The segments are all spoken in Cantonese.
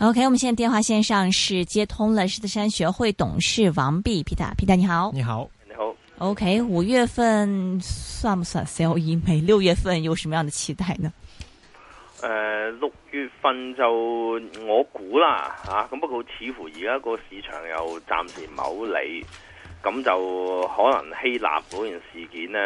OK，我們現在電話線上是接通了獅子山學會董事王弼 Peter，Peter 你好，Peter, 你好，你好。OK，五月份算不算 sell in May，六月份有什麼樣的期待呢？呃、六月份就我估啦，吓、啊，咁不過似乎而家個市場又暫時唔係好理，咁就可能希臘嗰件事件呢，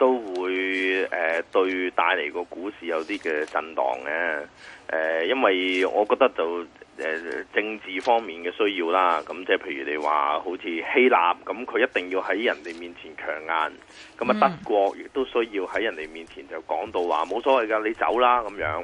都會誒、呃、對帶嚟個股市有啲嘅震盪嘅誒、呃，因為我覺得就誒、呃、政治方面嘅需要啦，咁即係譬如你話好似希臘，咁佢一定要喺人哋面前強硬，咁啊德國亦都需要喺人哋面前就講到話冇所謂㗎，你走啦咁樣，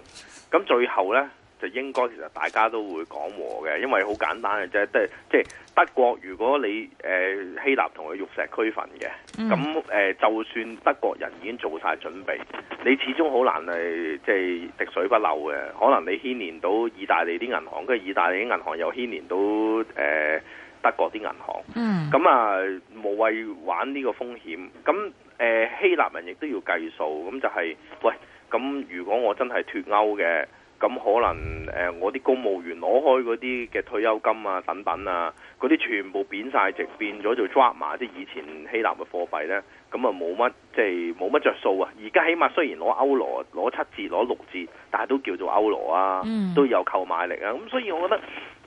咁最後呢？應該其實大家都會講和嘅，因為好簡單嘅啫，即係即係德國。如果你誒希臘同佢玉石俱焚嘅，咁誒就算德國人已經做晒準備，你始終好難係即係滴水不漏嘅。可能你牽連到意大利啲銀行，跟住意大利啲銀行又牽連到誒德國啲銀行。嗯，咁啊無謂玩呢個風險。咁誒希臘人亦都要計數。咁就係喂，咁如果我真係脫歐嘅？咁可能、呃、我啲公務員攞開嗰啲嘅退休金啊、等等啊，嗰啲全部貶曬值，變咗做 drachma 即係以前希臘嘅貨幣咧，咁啊冇乜即係冇乜着數啊！而家起碼雖然攞歐羅攞七折攞六折，但係都叫做歐羅啊，都有購買力啊！咁所以我覺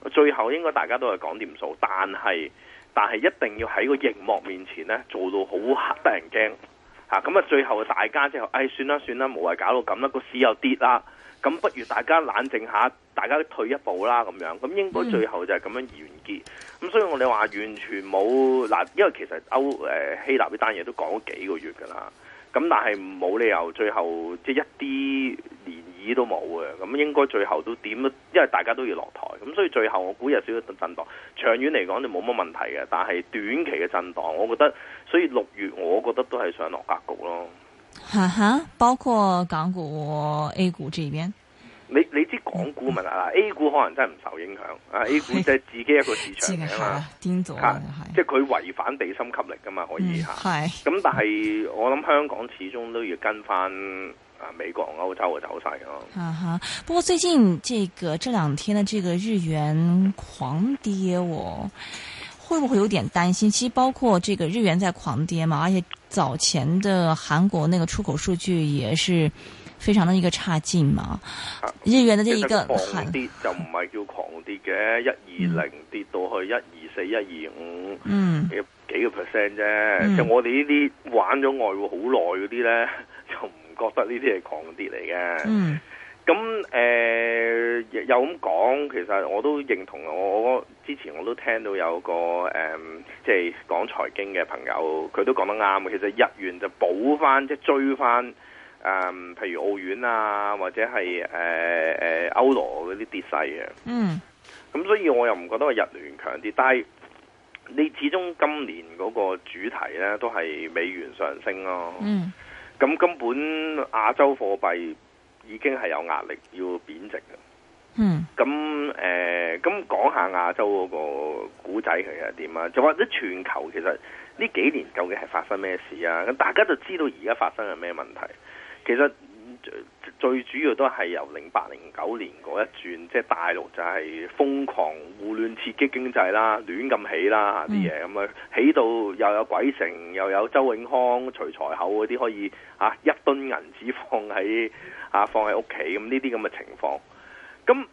得最後應該大家都係講掂數，但係但係一定要喺個熒幕面前咧做到好得人驚，咁啊最後大家之後誒算啦算啦，無謂搞到咁啦，個市又跌啦。咁不如大家冷靜下，大家退一步啦，咁樣咁應該最後就係咁樣完結。咁所以我哋話完全冇嗱，因為其實歐希臘呢單嘢都講咗幾個月噶啦，咁但係冇理由最後即係一啲漣漪都冇嘅，咁應該最後都點？因為大家都要落台，咁所以最後我估有少少震盪，長遠嚟講就冇乜問題嘅，但係短期嘅震盪我覺得，所以六月我覺得都係上落格局咯。哈哈， 包括港股、A 股這邊，你你知港股咪啦、嗯、？A 股可能真係唔受影響、嗯、，A 股即係自己一個市場嚟，這個、啊嘛，癲咗，即係佢違反地心吸力噶嘛，可以吓。係、嗯，咁、啊、但係、嗯、我諗香港始終都要跟翻啊美國同歐洲嘅走勢咯、啊。哈、嗯、哈， 不過最近這個這兩天的這個日元狂跌哦。會唔會有點擔心？其實包括這個日元在狂跌嘛，而且早前的韓國那個出口數據也是非常的一個差勁嘛。啊、日元的這一個狂跌就唔係叫狂跌嘅，一二零跌到去一二四、一二五，嗯，幾個 percent 啫、嗯。就我哋呢啲玩咗外匯好耐嗰啲咧，就唔覺得呢啲係狂跌嚟嘅。嗯咁誒、呃、又咁講，其實我都認同。我之前我都聽到有個誒，即、嗯、係、就是、講財經嘅朋友，佢都講得啱嘅。其實日元就補翻，即係追翻誒、嗯，譬如澳元啊，或者係誒誒歐羅嗰啲跌勢嘅。嗯，咁所以我又唔覺得日元強啲，但係你始終今年嗰個主題咧都係美元上升咯。嗯，咁根本亞洲貨幣。已經係有壓力要貶值嘅，嗯，咁誒，咁、呃、講下亞洲嗰個古仔係點啊？就話啲全球其實呢幾年究竟係發生咩事啊？咁大家就知道而家發生係咩問題，其實。最主要都係由零八零九年嗰一轉，即、就、係、是、大陸就係瘋狂胡亂刺激經濟啦，亂咁起啦啲嘢，咁、嗯、樣起到又有鬼城，又有周永康、徐才厚嗰啲，可以嚇一噸銀紙放喺嚇、啊、放喺屋企，咁呢啲咁嘅情況。咁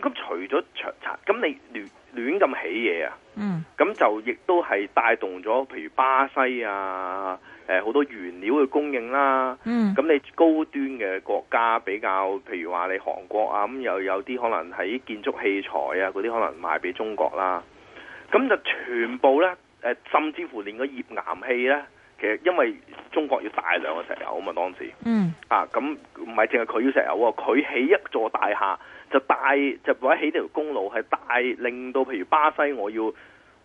咁除咗搶劫，咁你亂亂咁起嘢啊？嗯，咁就亦都係帶動咗，譬如巴西啊。誒，好多原料嘅供應啦，咁、嗯、你高端嘅國家比較，譬如話你韓國啊，咁又有啲可能喺建築器材啊嗰啲可能賣俾中國啦，咁就全部呢，誒，甚至乎連個頁岩氣呢。其實因為中國要大量嘅石油啊嘛，當時，嗯，啊，咁唔係淨係佢要石油喎。佢起一座大廈就帶，就或者起條公路係帶，令到譬如巴西我要。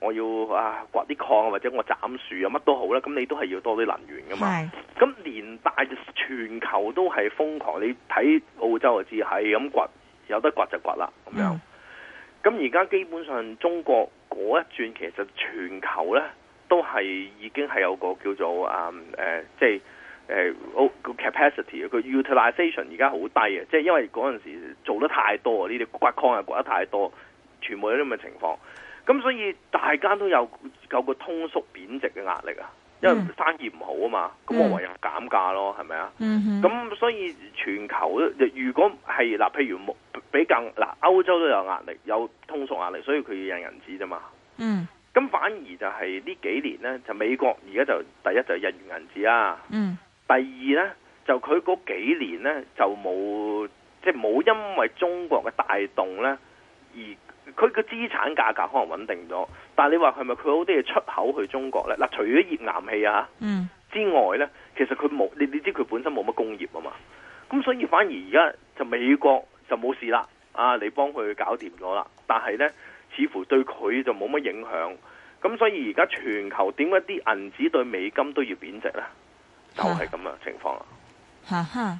我要啊掘啲礦，或者我斬樹啊乜都好啦，咁你都係要多啲能源噶嘛。咁連帶全球都係瘋狂，你睇澳洲就知係咁掘，有得掘就掘啦咁樣。咁而家基本上中國嗰一轉，其實全球咧都係已經係有個叫做啊誒，即係誒 capacity，個 utilization 而家好低嘅，即係因為嗰陣時做得太多啊，呢啲掘礦又掘得太多，全部有咁嘅情況。咁所以大家都有有個通縮貶值嘅壓力啊，因為生意唔好啊嘛，咁、嗯、我唯有減價咯，係咪啊？咁、嗯、所以全球如果係嗱，譬如比較嗱，歐洲都有壓力，有通縮壓力，所以佢要印銀紙啫嘛。嗯，咁反而就係呢幾年咧，就美國而家就第一就印銀紙啊、嗯，第二咧就佢嗰幾年咧就冇即係冇因為中國嘅帶動咧而。佢嘅資產價格可能穩定咗，但係你話係咪佢好啲嘢出口去中國呢？嗱，除咗頁岩氣啊，嗯，之外呢，其實佢冇你你知佢本身冇乜工業啊嘛，咁所以反而而家就美國就冇事啦，啊，你幫佢搞掂咗啦，但係呢，似乎對佢就冇乜影響，咁所以而家全球點解啲銀紙對美金都要貶值呢？就係咁樣情況啦！哈哈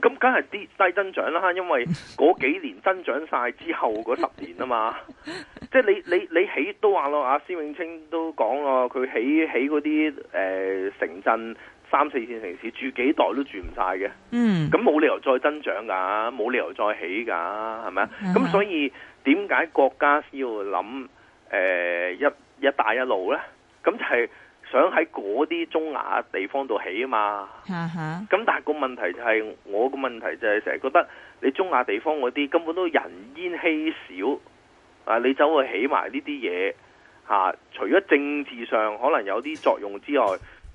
咁梗係低增長啦，因為嗰幾年增長晒之後嗰十年啊嘛，即係你你你起都話咯，阿、啊、施永青都講咯，佢起起嗰啲誒城鎮三四線城市住幾代都住唔晒嘅，嗯，咁冇理由再增長㗎，冇理由再起㗎，係咪啊？咁所以點解國家要諗誒、呃、一一帶一路咧？咁就係、是。想喺嗰啲中亞地方度起啊嘛，咁、嗯、但係個問題就係、是，我個問題就係成日覺得你中亞地方嗰啲根本都人煙稀少，啊，你走去起埋呢啲嘢嚇，除咗政治上可能有啲作用之外，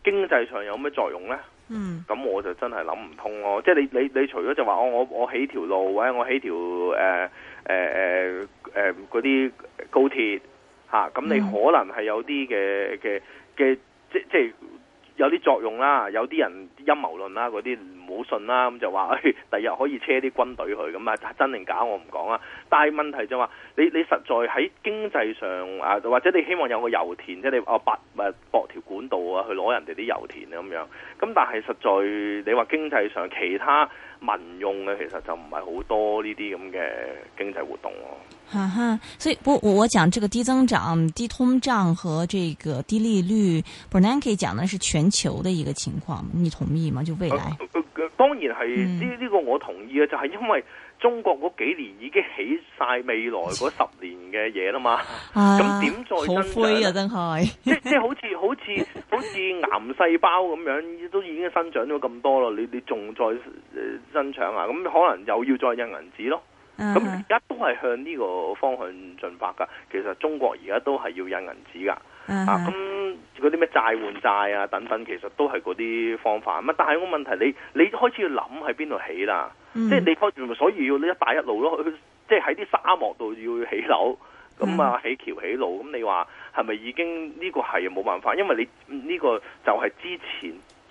經濟上有咩作用呢？嗯，咁我就真係諗唔通咯、哦。即係你你你除咗就話、哦、我我我起條路或者我起條誒誒誒嗰啲高鐵嚇，咁、啊、你可能係有啲嘅嘅嘅。嗯。即即有啲作用啦，有啲人陰謀論啦嗰啲。冇信啦，咁就話，第日可以車啲軍隊去咁啊！真定假我唔講啊。但係問題就話，你你實在喺經濟上啊，或者你希望有個油田，即係你哦拔咪博條管道啊，去攞人哋啲油田啊咁樣。咁但係實在你話經濟上其他民用嘅，其實就唔係好多呢啲咁嘅經濟活動。哈哈，所以我我講這個低增長、低通脹和這個低利率，Bernanke 講的是全球的一個情況，你同意嗎？就未來。 當然係，呢、嗯、呢、這個我同意啊！就係、是、因為中國嗰幾年已經起晒未來嗰十年嘅嘢啦嘛，咁點再生？好灰啊，真係！即 即好似好似好似癌細胞咁樣，都已經生長咗咁多啦！你你仲再誒生、呃、長啊？咁可能又要再印銀紙咯！咁而家都係向呢個方向進發噶。其實中國而家都係要印銀紙噶。Uh-huh. 啊，咁嗰啲咩債換債啊，等等，其實都係嗰啲方法。但係個問題你，你你開始要諗喺邊度起啦？即、mm-hmm. 係你方，所以要一帶一路咯。即係喺啲沙漠度要起樓，咁啊起橋起路。咁你話係咪已經呢、呢個係冇辦法？因為你呢、呢個就係之前。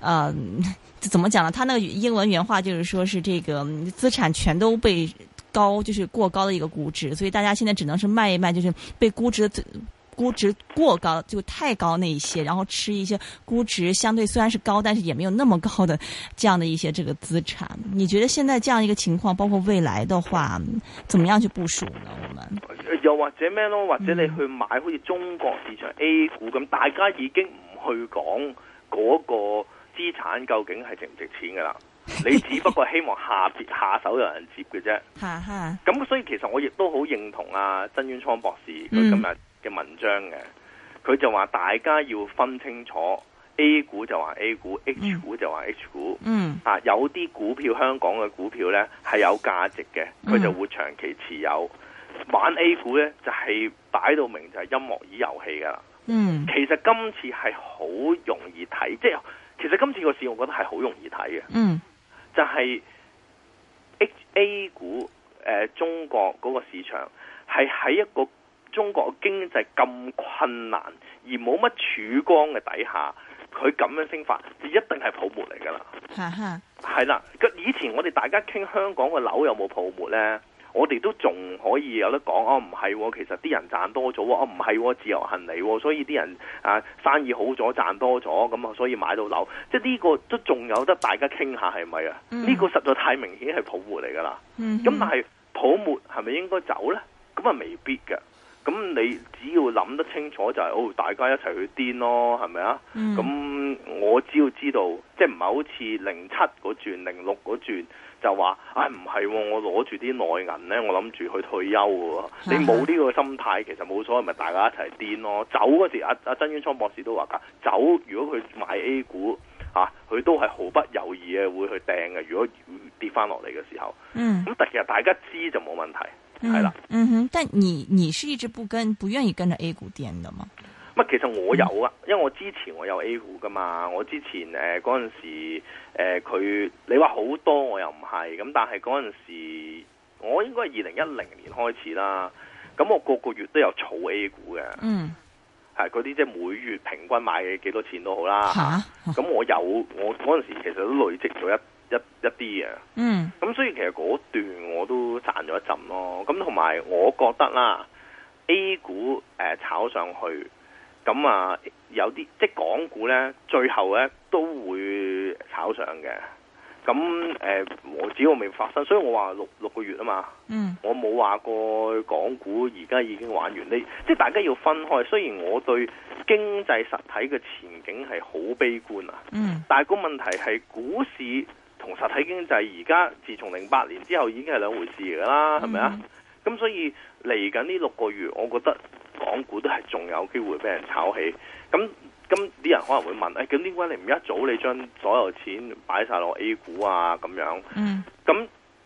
呃，怎麼講呢？他那個英文原話就是說，是這個資產全都被高，就是過高的一個估值，所以大家現在只能是賣一賣，就是被估值的估值過高就太高那一些，然後吃一些估值相對雖然是高，但是也沒有那麼高的這樣的一些這個資產。你覺得現在這樣一個情況，包括未來的話，怎麼樣去部署呢？我們又或者咩咯？或者你去買，好似中國市場 A 股咁，嗯，大家已經唔去講嗰個資產究竟係值唔值錢噶啦？ 你只不過希望下接下手有人接嘅啫。咁 所以其實我亦都好認同啊，曾淵滄博士佢今日嘅文章嘅，佢、嗯、就話大家要分清楚 A 股就話 A 股，H 股就話 H 股。嗯。啊，有啲股票香港嘅股票呢係有價值嘅，佢就會長期持有、嗯。玩 A 股呢，就係擺到明就係音樂椅遊戲噶啦。嗯。其實今次係好容易睇，即係。其實今次個市，我覺得係好容易睇嘅。嗯，就係、是、h A 股，誒、呃，中國嗰個市場係喺一個中國的經濟咁困難而冇乜曙光嘅底下，佢咁樣升法，就一定係泡沫嚟噶啦。吓吓，係啦。以前我哋大家傾香港嘅樓有冇泡沫呢？我哋都仲可以有得講哦，唔係、哦，其實啲人賺多咗哦，唔係、哦、自由行嚟、哦，所以啲人啊生意好咗，賺多咗咁啊，所以買到樓，即係呢個都仲有得大家傾下係咪啊？呢、嗯呢個實在太明顯係泡沫嚟噶啦，咁、嗯、但係泡沫係咪應該走呢？咁啊未必嘅，咁你只要諗得清楚就係、是、哦，大家一齊去癲咯，係咪啊？咁、嗯。嗯 我只要知道，即係唔係好似零七嗰轉、零六嗰轉，就話啊唔係，我攞住啲內銀咧，我諗住去退休嘅。 你冇呢個心態，其實冇所謂，咪大家一齊癲咯。走嗰時，阿、啊、阿、啊、曾淵滄博士都話噶，走如果佢買 A 股吓，佢、啊、都係毫不猶豫嘅會去掟嘅。如果跌翻落嚟嘅時候，嗯，咁其實大家知就冇問題，係 啦嗯，嗯哼。但你你是一直不跟，不願意跟着 A 股癲的嗎？其實我有啊，因為我之前我有 A 股噶嘛，我之前誒嗰陣時誒佢、呃、你話好多我又唔係，咁但係嗰陣時我應該係二零一零年開始啦，咁我個個月都有儲 A 股嘅，嗯，係嗰啲即係每月平均買幾多錢都好啦，吓，咁、嗯、我有我嗰陣時其實都累積咗一一一啲嘅，嗯，咁所以其實嗰段我都賺咗一陣咯，咁同埋我覺得啦，A 股誒、呃、炒上去。咁啊，有啲即係港股咧，最後咧都會炒上嘅。咁誒、呃，我只要未發生，所以我話六六個月啊嘛。嗯，我冇話過港股而家已經玩完。呢即係大家要分開。雖然我對經濟實體嘅前景係好悲觀啊，嗯，但係個問題係股市同實體經濟而家自從零八年之後已經係兩回事噶啦，係咪啊？咁所以嚟緊呢六個月，我覺得。.港股都係仲有機會俾人炒起，咁咁啲人可能會問：誒、哎，咁點解你唔一早你將所有錢擺晒落 A 股啊？咁樣，咁、那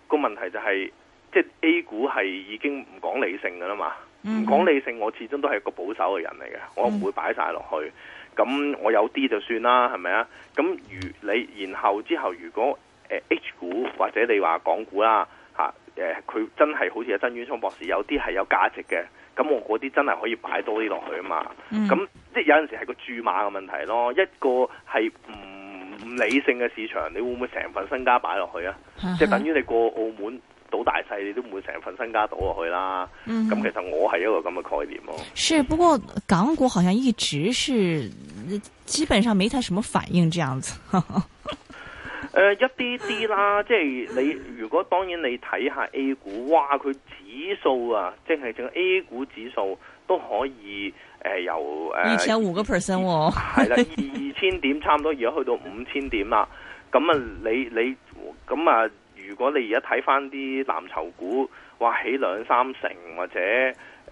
個問題就係、是，即、就、係、是、A 股係已經唔講理性㗎喇嘛，唔講理性，我始終都係一個保守嘅人嚟嘅，我唔會擺晒落去。咁我有啲就算啦，係咪啊？咁如你然後之後，如果誒、呃、H 股或者你話港股啦，嚇誒佢真係好似阿曾淵滄博士有啲係有價值嘅。咁我嗰啲真係可以擺多啲落去啊嘛，咁、嗯、即有陣時係個注碼嘅問題咯。一個係唔理性嘅市場，你會唔會成份身家擺落去啊？即係等於你過澳門賭大細，你都唔會成份身家倒落去啦。咁、嗯、其實我係一個咁嘅概念咯。是不過港股好像一直是基本上沒太什麼反應，這樣子。 呃、一啲啲啦，即係你如果當然你睇下 A 股，哇佢指數啊，即係整 A 股指數都可以、呃、由誒，二千五個 percent 喎，係啦、哦，二千點 差唔多而家去到五千點啦，咁啊你你咁啊，如果你而家睇翻啲藍籌股，哇起兩三成或者。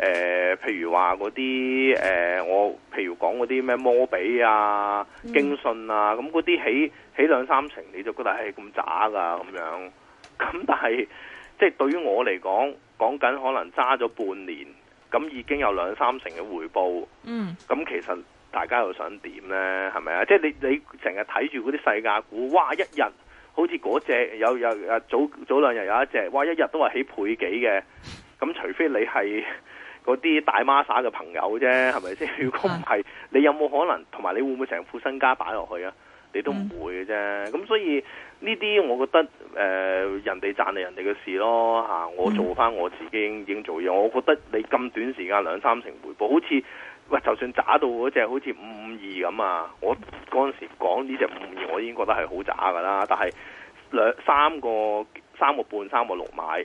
誒、呃，譬如話嗰啲誒，我譬如講嗰啲咩摩比啊、京信啊，咁嗰啲起起兩三成，你就覺得係咁渣噶咁樣。咁但係即係對於我嚟講，講緊可能揸咗半年，咁已經有兩三成嘅回報。嗯，咁其實大家又想點呢？係咪啊？即係你你成日睇住嗰啲世界股，哇！一日好似嗰隻有有早早兩日有一隻，哇！一日都係起倍幾嘅。咁除非你係。嗰啲大媽散嘅朋友啫，係咪先？ 如果唔係，你有冇可能同埋你會唔會成副身家擺落去啊？你都唔會嘅啫。咁所以呢啲，我覺得誒、呃、人哋賺你人哋嘅事咯、啊、我做翻我自己已經做嘢。我覺得你咁短時間兩三成回報，好似喂，就算渣到嗰隻好似五五二咁啊！我嗰陣時講呢隻五五二，我已經覺得係好渣噶啦。但係兩三個三個半三個六買。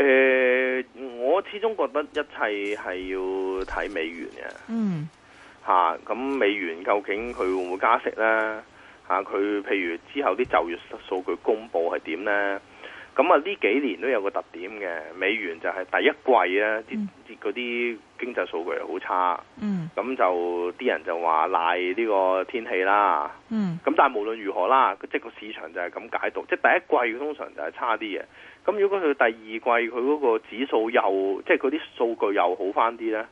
誒、欸，我始終覺得一切係要睇美元嘅。嗯。吓、啊，咁美元究竟佢會唔會加息咧？吓、啊，佢譬如之後啲就業數據公布係點咧？咁啊，呢幾年都有個特點嘅，美元就係第一季咧，啲啲嗰啲經濟數據好差。嗯。咁就啲人就話賴呢個天氣啦。嗯。咁但係無論如何啦，即係個市場就係咁解讀，即係第一季通常就係差啲嘅。咁如果佢第二季佢嗰個指數又即係嗰啲數據又好翻啲咧，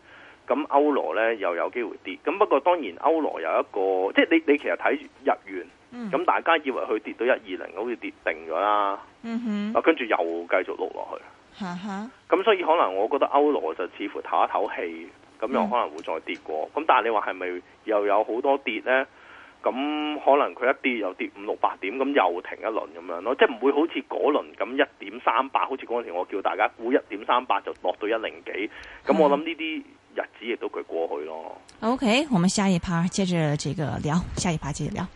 咁歐羅咧又有機會跌。咁不過當然歐羅有一個即係你你其實睇日元，咁、嗯、大家以為佢跌到一二零，好似跌定咗啦。跟、嗯、住又繼續落落去。咁、嗯、所以可能我覺得歐羅就似乎唞一唞氣，咁又可能會再跌過。咁但係你話係咪又有好多跌咧？咁、嗯嗯、可能佢一跌又跌五六八點，咁又停一輪咁樣咯，即係唔會好似嗰輪咁一點三八，好似嗰陣時我叫大家估一點三八就落到一零幾，咁我諗呢啲日子亦都佢過去咯、嗯。OK，我們下一 p 接着這個聊，下一 p 接着聊，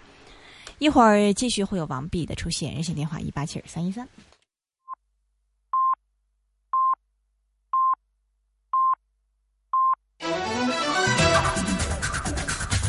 一會兒繼續會有王 B 的出現，熱線電話一八七二三一三。